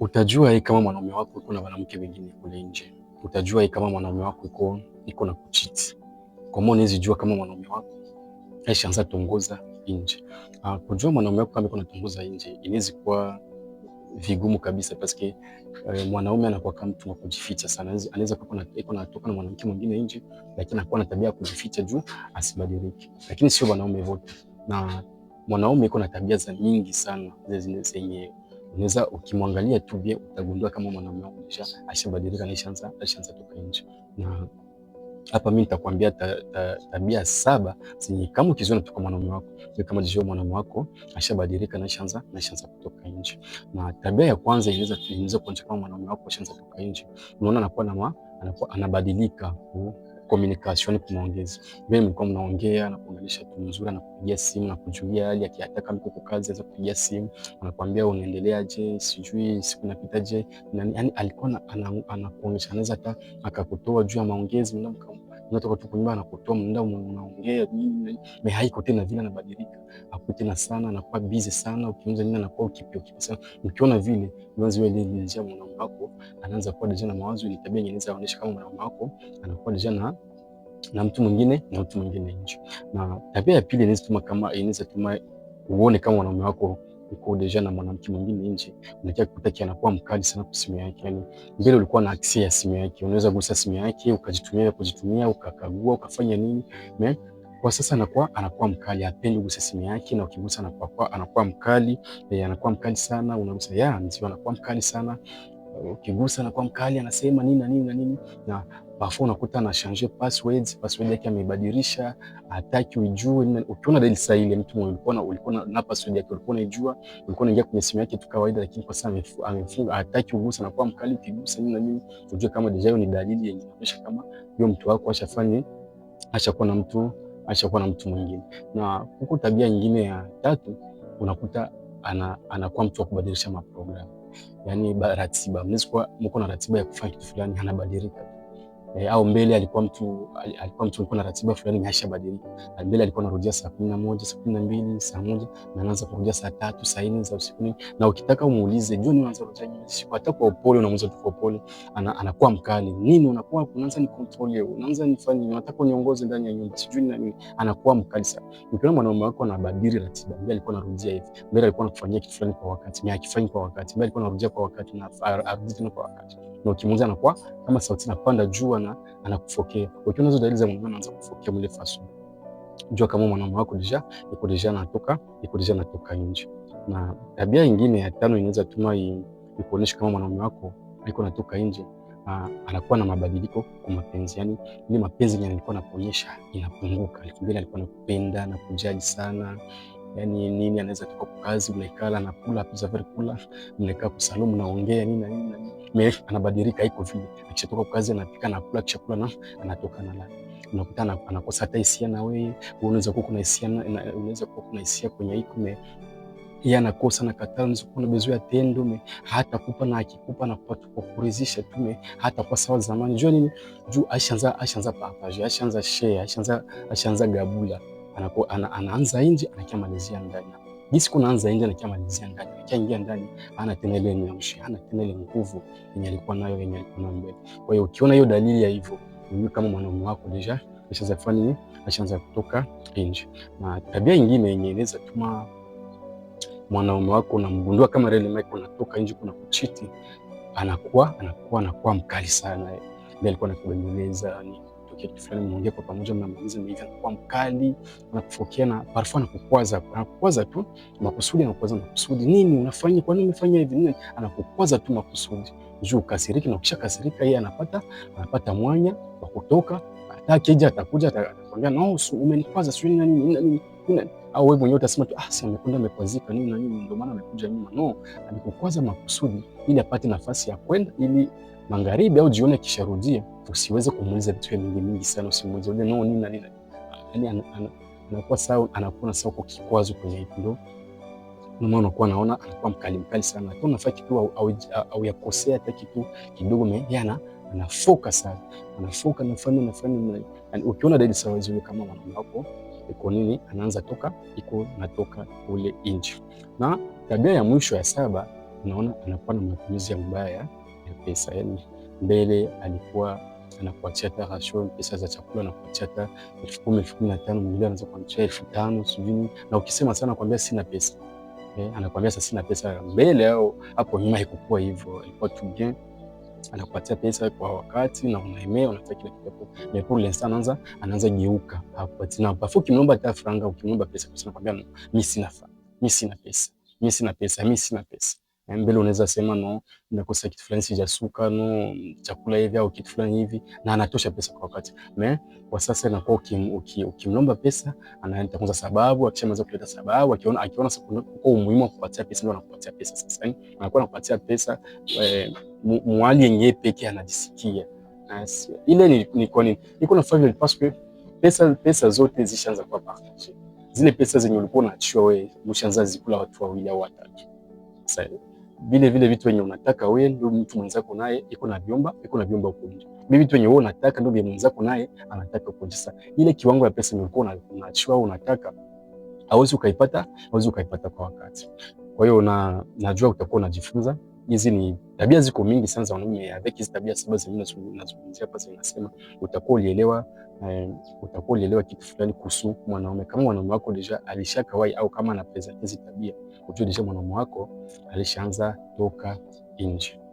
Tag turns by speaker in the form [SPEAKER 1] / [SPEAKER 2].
[SPEAKER 1] Utajua hii kama mwanaume wako iko na mwanamke mwingine kule nje. Utajua hii kama mwanaume wako iko iko na kuchiti. Kwa maana unaweza jua kama mwanaume wako aishaanza tongoza nje. Ah, kujua mwanaume wako kama iko na nje inaweza kuwa vigumu kabisa paske uh, mwanaume anakuwa kama mtu wa kujificha sana. Anaweza kuwa na iko na toka na mwanamke mwingine nje, lakini anakuwa na tabia ya kujificha juu asibadilike. Lakini sio wanaume wote. Na mwanaume iko na tabia za nyingi sana zenye unaweza ukimwangalia tu vile utagundua kama mwanamume wako ashabadilika na ashaanza ashaanza toka nje. Na hapa mimi nitakwambia tabia saba zenye kama ukiziona toka mwanamume wako ni kama jeu mwanamume wako ashabadilika na ashaanza na kutoka nje. Na tabia ya kwanza inaweza inaweza kuonekana kama mwanamume wako ashaanza kutoka nje, unaona anakuwa na anakuwa anabadilika communication ni tunaongeza. Mimi mlikuwa mnaongea na kuunganisha tu mzuri na kupigia simu na kujulia hali yake, hata kama uko kazi za kupigia simu, anakuambia unaendeleaje, sijui siku napitaje. Yaani alikuwa anakuonyesha, anaweza hata akakutoa juu ya maongezi, mnatoka tu kunyumba na kutoa mnda mnaongea nini, mimi haiko tena vile, anabadilika hapo tena sana, anakuwa busy sana, ukianza nini, anakuwa ukipio ukipi sana, ukiona vile mwanzo ile ile njia mwanamke wako anaanza kuwa deja na mawazo, ni tabia nyingine zaonesha kama mwanamke wako anakuwa deja na na mtu mwingine na mtu mwingine nje. Na tabia ya pili inaweza kama inaweza tuma uone kama wanaume wako uko deja na mwanamke mwingine nje, unataka kukuta anakuwa mkali sana kwa simu yake. Yani mbele ulikuwa na access ya simu yake, unaweza gusa simu yake ukajitumia kujitumia ukakagua ukafanya nini me kwa sasa anakuwa anakuwa mkali, hapendi kugusa simu yake, na ukigusa anakuwa anakuwa mkali, eh, anakuwa mkali sana, unagusa ya mzee anakuwa mkali sana ukigusa na kwa mkali anasema nini na nini na nini na parfois unakuta na change passwords, password yake ameibadilisha, hataki ujue. Ukiona dalili sahihi ile mtu ulikuwa ulikuwa na password yake ulikuwa unaijua, ulikuwa unaingia kwenye simu yake tu kawaida, lakini kwa sasa amefunga, hataki ugusa na kwa mkali, ukigusa nini na nini, ujue kama deja hiyo ni dalili yenye inaonyesha kama hiyo mtu wako ashafanya ashakuwa na mtu ashakuwa na mtu mwingine. Na huko tabia nyingine ya tatu unakuta anakuwa mtu wa kubadilisha maprogramu, yaani ratiba. Mnaweza kuwa mko na ratiba ya kufanya kitu fulani, anabadilika E, au mbele alikuwa mtu alikuwa mtu alikuwa na ratiba fulani nyasha imeshabadilika. Mbele alikuwa anarudia saa kumi na moja, saa kumi na mbili, saa moja na anaanza kurudia saa tatu, saa nne za usiku. Na ukitaka umuulize John anaanza kurudia nini? Siku hata kwa upole unamwambia tu kwa upole, anakuwa mkali. Nini unakuwa unaanza ni control yeye, unaanza nifanye nini? unataka uniongoze ndani ya nyumba. Sijui na nini. Anakuwa mkali sana. Ukiona mwanaume wako anabadili ratiba, mbele alikuwa anarudia hivi. Mbele alikuwa anakufanyia kitu fulani kwa wakati, mimi akifanyi kwa wakati. Mbele alikuwa anarudia kwa wakati na arudi tena kwa wakati na ukimuuliza anakuwa kama sauti inapanda juu na anakufokea. Ukiona hizo dalili za mwanamume anaanza kufokea mwili fasu, jua kama mwanamume wako deja iko deja anatoka iko deja anatoka nje. Na tabia nyingine ya tano inaweza tuma ikuonesha kama mwanamume wako iko anatoka nje, anakuwa na mabadiliko kwa mapenzi, yani ile mapenzi yenyewe alikuwa anaponyesha inapunguka. Alikimbele alikuwa anakupenda na kujaji sana Yani nini anaweza toka kwa kazi, mnaikala na pizza, very kula, mnakaa kwa salon, mnaongea nini na nini maisha anabadilika, iko vile akishatoka kwa kazi anapika na kula, kisha kula na anatoka na lala, unakutana anakosa hata hisia na wewe. Unaweza kuwa kuna hisia, na unaweza kuwa kuna hisia kwenye iko yeye anakosa na kataa, unaweza kuwa unabezoea tendo me hata kupa na akikupa na kupa tu kukuridhisha tu me hata kwa sawa zamani. Jua nini? Juu ashaanza ashaanza partage, ashaanza share, ashaanza ashaanza gabula, anaanza nje anakimalizia ndani jinsi kunaanza nje na kiamalizia ndani, akiingia ndani ana tena ile nyamshi, ana tena ile nguvu yenye alikuwa nayo, yenye alikuwa nayo mbele. Kwa hiyo ukiona hiyo dalili ya hivyo, unajua kama mwanaume wako deja ashaanza kufanya nini, ashaanza kutoka nje. Na tabia nyingine yenye inaweza tuma mwanaume wako unamgundua kama reli mike unatoka nje, kuna kuchiti, anakuwa anakuwa anakuwa mkali sana, ndio alikuwa anakubembeleza ni kitu fulani, mnaongea kwa pamoja, mnamaliza mmeanza anakuwa mkali, anakufokea na parfois anakukwaza, anakukwaza tu makusudi, anakukwaza makusudi. Nini unafanya? Kwa nini umefanya hivi? Nini? Anakukwaza tu makusudi. Juu kasiriki, na ukisha kasirika, yeye anapata anapata mwanya wa kutoka, atakija atakuja atakwambia, no, umenikwaza sio nini nini nini au wewe mwenyewe utasema tu ah, si amekwenda amepwazika nini na nini, ndio maana amekuja nyuma. No, alikukwaza makusudi ili apate nafasi ya kwenda, ili magharibi au jioni akisharudia usiweze kumuuliza vitu vingi mingi sana, usimuulize ule no nini na nini. Yani anakuwa sawa, anakuwa na sawa kwa kikwazo kwenye hivi, ndio maana unakuwa naona anakuwa mkali mkali sana, lakini unafaa kitu au, au, au yakosea hata kitu kidogo, meyana anafoka sana, anafoka nafanya nafanya. Yaani ukiona dalili sawa hizo kama mwanamke wako iko nini, anaanza toka iko natoka kule nje. Na tabia ya mwisho ya saba, unaona anakuwa na matumizi mabaya ya pesa, yani mbele alikuwa anakuachia hata rasho pesa za chakula, anakuachia hata elfu kumi elfu kumi na tano mwingine anaweza kuachia elfu tano sijui, na ukisema sana kwambia sina pesa eh, anakwambia sasa sina pesa. Mbele au hapo nyuma haikuwa hivyo, ilikuwa tu bien anakupatia pesa kwa wakati na unaemea, unataka kila kitu. Mais pour l'instant anaanza anaanza geuka, hakupatii na parfois ukimwomba hata franga, ukimwomba pesa, anakuambia mimi sina mimi sina pesa mimi sina pesa mimi sina pesa Yaani mbele unaweza sema no, nimekosa kitu fulani, sijasuka no chakula hivi au kitu fulani hivi, na anatosha pesa kwa wakati. Me kwa sasa inakuwa ukimlomba uki, uki pesa anaenda kwanza sababu, akishamaliza kuleta sababu, akiona akiona kwa umuhimu wa kupatia pesa ndio anakupatia pesa. Sasa yani anakuwa anakupatia pesa eh, mwali yenyewe peke anajisikia As, ile ni, ni kwa nini niko na five parce que pesa pesa zote zishaanza kwa partage, zile pesa zenye ulikuwa unaachishwa wewe mshaanza zikula watu wawili au watatu sasa vile vile vitu wenye unataka we ndio mtu mwenzako naye iko na vyumba iko na vyumba huko nje. Mimi vitu wenye wewe unataka ndio mwenzako naye anataka huko nje. Sasa ile kiwango ya pesa unakuwa unachua unataka hauwezi ukaipata, hauwezi ukaipata kwa wakati. Kwa hiyo na najua utakuwa unajifunza hizi ni tabia ziko mingi sana za wanaume. Avec hizi tabia saba zingine nazungumzia hapa zinasema utakuwa ulielewa, eh, utakuwa ulielewa kitu fulani kuhusu mwanaume. Kama mwanaume wako deja alishakawai au kama anaprezente hizi tabia, ujue deja mwanaume wako alishaanza toka nje.